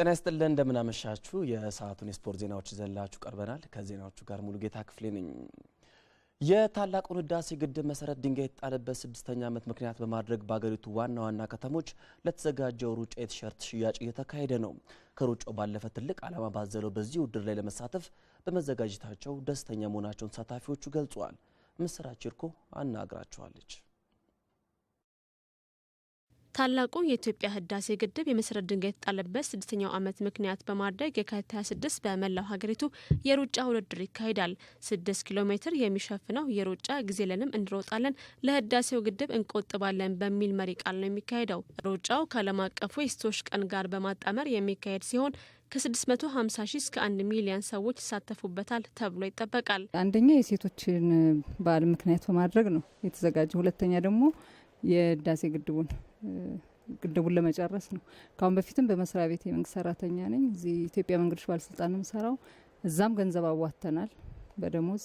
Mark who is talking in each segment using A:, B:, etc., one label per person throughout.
A: ጤና ይስጥልን እንደምናመሻችሁ። የሰዓቱን የስፖርት ዜናዎች ይዘንላችሁ ቀርበናል። ከዜናዎቹ ጋር ጌታ ክፍሌ ነኝ። የታላቁን ህዳሴ ግድብ መሰረት ድንጋይ የተጣለበት ስድስተኛ ዓመት ምክንያት በማድረግ በአገሪቱ ዋና ዋና ከተሞች ለተዘጋጀው ሩጫ የቲሸርት ሽያጭ እየተካሄደ ነው። ከሩጫው ባለፈ ትልቅ ዓላማ ባዘለው በዚህ ውድድር ላይ ለመሳተፍ በመዘጋጀታቸው ደስተኛ መሆናቸውን ተሳታፊዎቹ ገልጸዋል። ምስራች ይርኮ አናግራችኋለች። ታላቁ የኢትዮጵያ ህዳሴ ግድብ የመሰረት ድንጋይ የተጣለበት ስድስተኛው ዓመት ምክንያት በማድረግ የካቲት 26 በመላው ሀገሪቱ የሩጫ ውድድር ይካሄዳል። ስድስት ኪሎ ሜትር የሚሸፍነው የሩጫ ጊዜ ለንም እንሮጣለን ለህዳሴው ግድብ እንቆጥባለን በሚል መሪ ቃል ነው የሚካሄደው። ሩጫው ከዓለም አቀፉ የሴቶች ቀን ጋር በማጣመር የሚካሄድ ሲሆን ከ650 ሺህ እስከ 1 ሚሊዮን ሰዎች ይሳተፉበታል ተብሎ ይጠበቃል። አንደኛ የሴቶችን በዓል ምክንያት በማድረግ ነው የተዘጋጀ ሁለተኛ ደግሞ የህዳሴ ግድቡን ግድቡን ለመጨረስ ነው። ካሁን በፊትም በመስሪያ ቤት የመንግስት ሰራተኛ ነኝ። እዚህ ኢትዮጵያ መንገዶች ባለስልጣን ነው የምሰራው። እዛም ገንዘብ አዋተናል በደሞዝ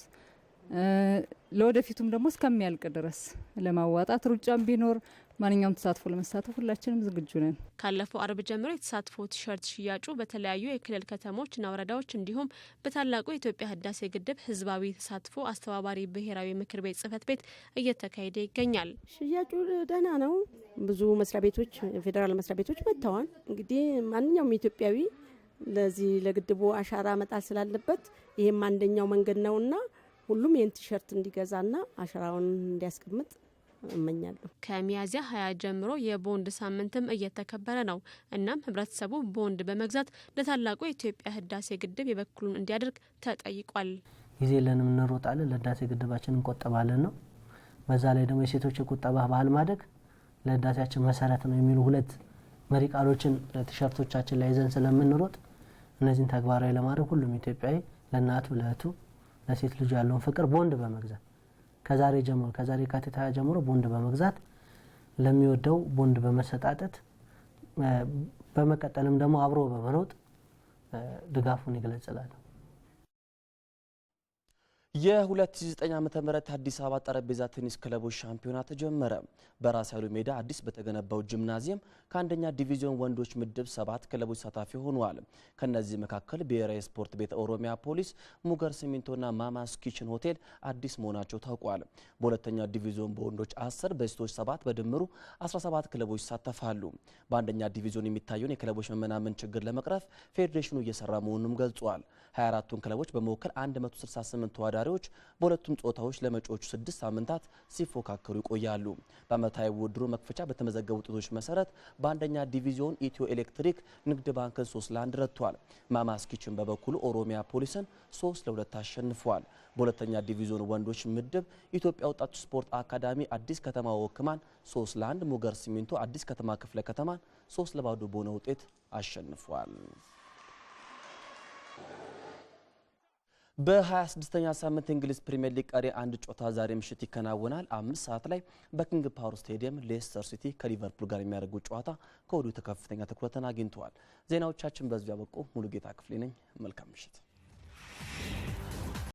A: ለወደፊቱም ደግሞ እስከሚያልቅ ድረስ ለማዋጣት ሩጫም ቢኖር ማንኛውም ተሳትፎ ለመሳተፍ ሁላችንም ዝግጁ ነን። ካለፈው አርብ ጀምሮ የተሳትፎ ቲሸርት ሽያጩ በተለያዩ የክልል ከተሞችና ወረዳዎች እንዲሁም በታላቁ የኢትዮጵያ ህዳሴ ግድብ ህዝባዊ ተሳትፎ አስተባባሪ ብሔራዊ ምክር ቤት ጽህፈት ቤት እየተካሄደ ይገኛል። ሽያጩ ደህና ነው። ብዙ መስሪያ ቤቶች፣ ፌዴራል መስሪያ ቤቶች መጥተዋል። እንግዲህ ማንኛውም ኢትዮጵያዊ ለዚህ ለግድቡ አሻራ መጣል ስላለበት ይህም አንደኛው መንገድ ነውና ሁሉም ይህን ቲሸርት እንዲገዛና አሻራውን እንዲያስቀምጥ እመኛለሁ። ከሚያዝያ ሀያ ጀምሮ የቦንድ ሳምንትም እየተከበረ ነው። እናም ህብረተሰቡ ቦንድ በመግዛት ለታላቁ የኢትዮጵያ ህዳሴ ግድብ የበኩሉን እንዲያደርግ ተጠይቋል። ጊዜ የለንም፣ እንሮጣለን፣ ለህዳሴ ግድባችን እንቆጥባለን ነው። በዛ ላይ ደግሞ የሴቶች የቁጠባ ባህል ማደግ ለህዳሴያችን መሰረት ነው የሚሉ ሁለት መሪ ቃሎችን ቲሸርቶቻችን ላይ ይዘን ስለምንሮጥ እነዚህን ተግባራዊ ለማድረግ ሁሉም ኢትዮጵያዊ ለእናቱ፣ ለእህቱ፣ ለሴት ልጁ ያለውን ፍቅር ቦንድ በመግዛት ከዛሬ ጀምሮ ከዛሬ ካቲት ጀምሮ ቦንድ በመግዛት ለሚወደው ቦንድ በመሰጣጠት በመቀጠልም ደግሞ አብሮ በመሮጥ ድጋፉን ይገለጽላል። የ2009 ዓ.ም አዲስ አበባ ጠረጴዛ ቴኒስ ክለቦች ሻምፒዮና ተጀመረ። በራስ ያሉ ሜዳ አዲስ በተገነባው ጂምናዚየም ከአንደኛ ዲቪዚዮን ወንዶች ምድብ ሰባት ክለቦች ተሳታፊ ሆነዋል። ከእነዚህ መካከል ብሔራዊ ስፖርት ቤት፣ ኦሮሚያ ፖሊስ፣ ሙገር ሲሚንቶና ማማስ ኪችን ሆቴል አዲስ መሆናቸው ታውቋል። በሁለተኛ ዲቪዚዮን በወንዶች 10 በሴቶች 7 በድምሩ 17 ክለቦች ይሳተፋሉ። በአንደኛ ዲቪዚዮን የሚታየውን የክለቦች መመናመን ችግር ለመቅረፍ ፌዴሬሽኑ እየሰራ መሆኑንም ገልጿል። 24ቱን ክለቦች በመወከል 168 ተዋዳ ተወዳዳሪዎች በሁለቱም ጾታዎች ለመጪዎቹ ስድስት ሳምንታት ሲፎካከሩ ይቆያሉ። በዓመታዊ ውድድሩ መክፈቻ በተመዘገቡ ውጤቶች መሰረት በአንደኛ ዲቪዚዮን ኢትዮ ኤሌክትሪክ ንግድ ባንክን ሶስት ለአንድ ረድቷል። ማማስኪችን በበኩሉ ኦሮሚያ ፖሊስን ሶስት ለሁለት አሸንፏል። በሁለተኛ ዲቪዚዮን ወንዶች ምድብ ኢትዮጵያ ወጣቱ ስፖርት አካዳሚ አዲስ ከተማ ወክማን ሶስት ለአንድ፣ ሙገር ሲሚንቶ አዲስ ከተማ ክፍለ ከተማን ሶስት ለባዶ በሆነ ውጤት አሸንፏል። በ26ኛ ሳምንት እንግሊዝ ፕሪምየር ሊግ ቀሪ አንድ ጨዋታ ዛሬ ምሽት ይከናወናል። አምስት ሰዓት ላይ በኪንግ ፓወር ስቴዲየም ሌስተር ሲቲ ከሊቨርፑል ጋር የሚያደርጉ ጨዋታ ከወዲሁ ከፍተኛ ትኩረትን አግኝተዋል። ዜናዎቻችን በዚሁ ያበቁ። ሙሉጌታ ክፍሌ ነኝ። መልካም ምሽት።